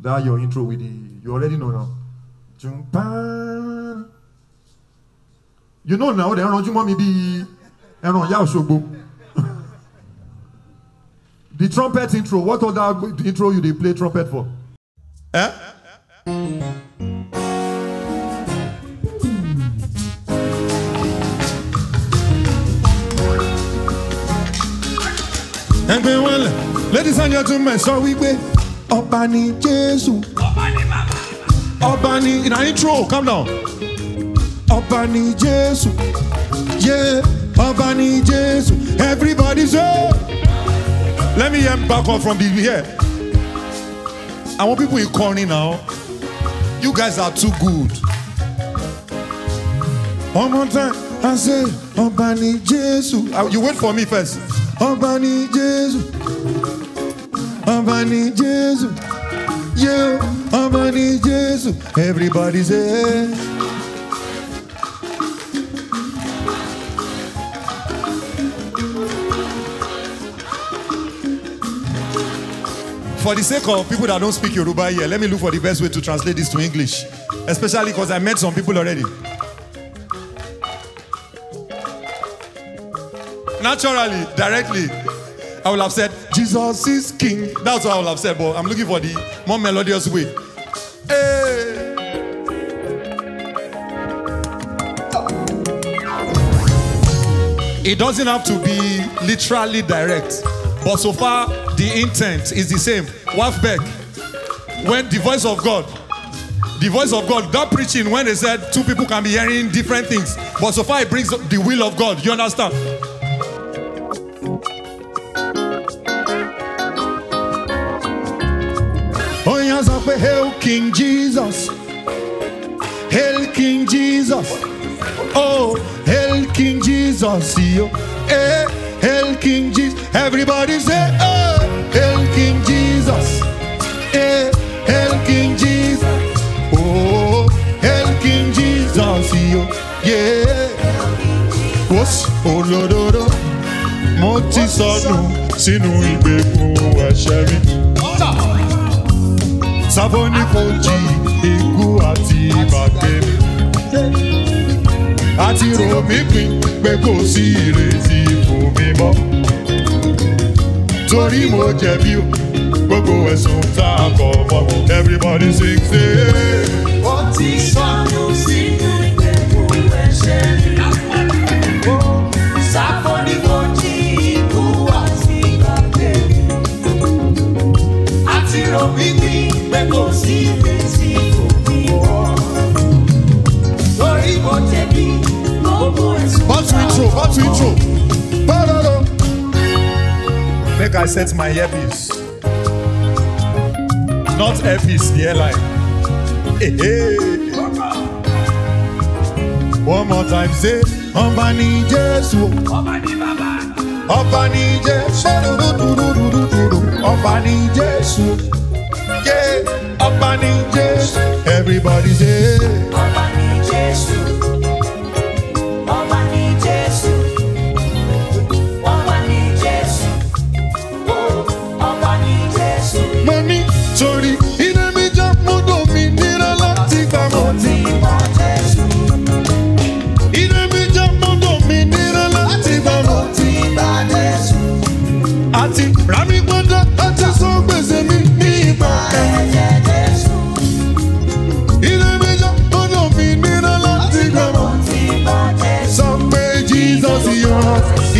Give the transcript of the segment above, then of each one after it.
that your intro with the you already know now you know now the ẹranjú mọ́ be and on ìyá Òṣogbo the trumpet intro what other intro you they play trumpet for. Eh? ẹgbẹ́ wọn lẹ̀ ladies and gentlemen sọ wípé. So Ọba ni Jésù. Ọba ni bàbá. Ọba ni in an intro calm down. Ọba ni Jésù. Yeah, Ọba ni Jésù. Everybody say. Let me hear back up from the here. Àwọn people in kọrin now. You guys are too good. One more time. I say, Ọba ni Jésù. Ah, you wait for me first. Ọba ni Jésù. ọba Jesus, Jésù yé Jesus. ni everybody say. For the sake of people that don't speak Yoruba here, let me look for the best way to translate this to English, especially because I met some people already. Naturally, directly, I will have said, Jesus is king. That's all I've said, but I'm looking for the more melodious way. Hey. It doesn't have to be literally direct, but so far the intent is the same. Waf back. When the voice of God, the voice of God, that preaching, when they said two people can be hearing different things, but so far it brings the will of God. You understand? hail King Jesus. Hail King Jesus. Oh, hail King Jesus. eh, hail King Jesus. Everybody say, oh, eh, hail King Jesus. Eh, hail King Jesus. Oh, hail King Jesus. Yeah. What's oh, Lord, oh, Lord. Mo ti sọnù sínú ìgbèkùn ẹ̀ṣẹ̀ mi. sábóní fojì ikú àti bàtẹ. àti rò mí pin pé kò si ìrètí fún mi mọ́. torí mo jẹ̀bi o gbogbo ẹ̀sùn tá a kọ̀ everybody sing say. ó ti sọ́yún sí i. I set my earpiece. Not earpiece, the airline. Hey, hey. One more time, say, Ọba ni Jésù. Ọba ni Bàbá. Ọba ni Jésù. Ọba ni Jésù. Yeah, Ọba ni Jésù. Everybody say, Ọba ni Jésù.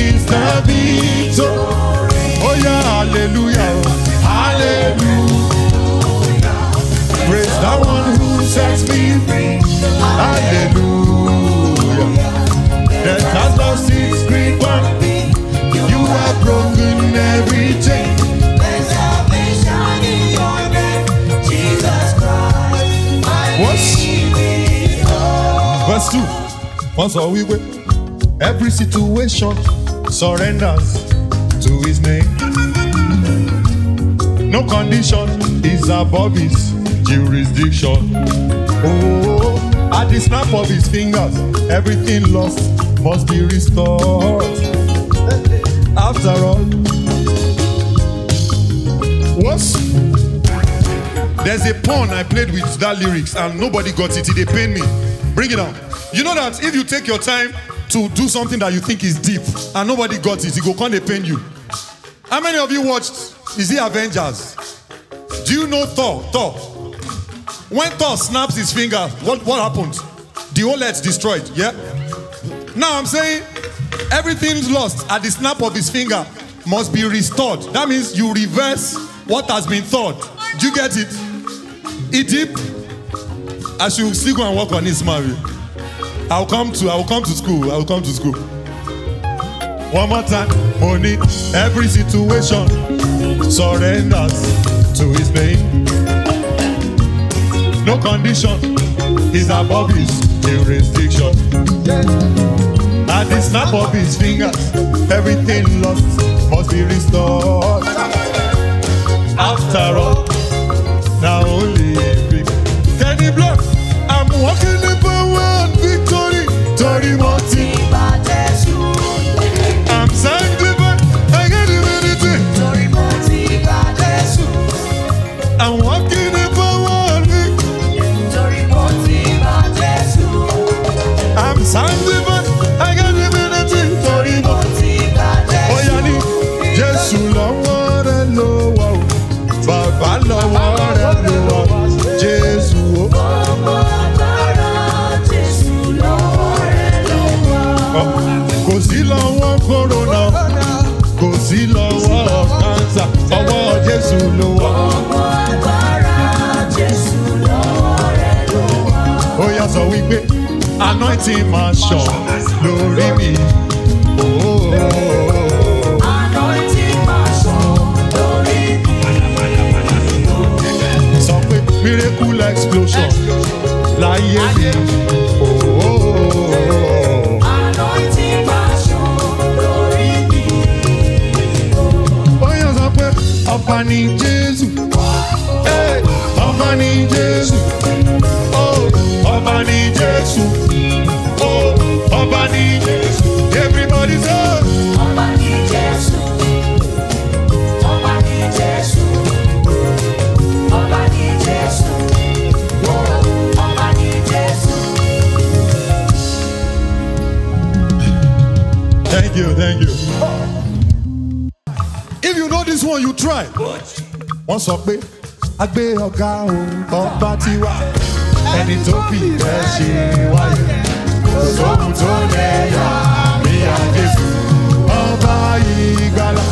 victory. Oh yeah, hallelujah, hallelujah. Praise the one who sets me free. Hallelujah. That has lost its grip on me. You have broken every chain. Verse 2 Once all we wait, every situation surrenders to his name. No condition is above his jurisdiction. Oh, at the snap of his fingers, everything lost must be restored. After all, what? there's a pun I played with that lyrics and nobody got it, it pay me. Bring it out. You know that if you take your time to do something that you think is deep and nobody got it, it go can dey pain you. How many of you watched? Is it Avengers? Do you know Thor? Thor. When Thor snaps his finger, what, what happens? The whole earth destroyed. Yeah? Now I'm saying everything's lost at the snap of his finger must be restored. That means you reverse what has been thought. Do you get it? Egypt, I should still go and work on this, Mary. I'll come to I'll come to school. I'll come to school. One more time, money, every situation surrenders to his name. No condition is above his jurisdiction. At the snap of his fingers, everything lost must be restored. After all, sí lọ́wọ́ kánsà ọwọ́ Jésù ló wà. ọwọ́ agbára Jésù lọ́wọ́ rẹ̀ ló wà. ó yá sọ wípé anointing máa ṣàn lórí mi. anointing máa ṣàn lórí mi. sọ pé miracle explosion láyé mi. Pani Jesus. you know this one you try. wọ́n sọ pé a gbé ọ̀gá òun ọba tiwa ẹni tó fi ìfẹ́ ṣe wáyé kò sóhun tó lè yà bí àjẹsù ọba ìgbàlà.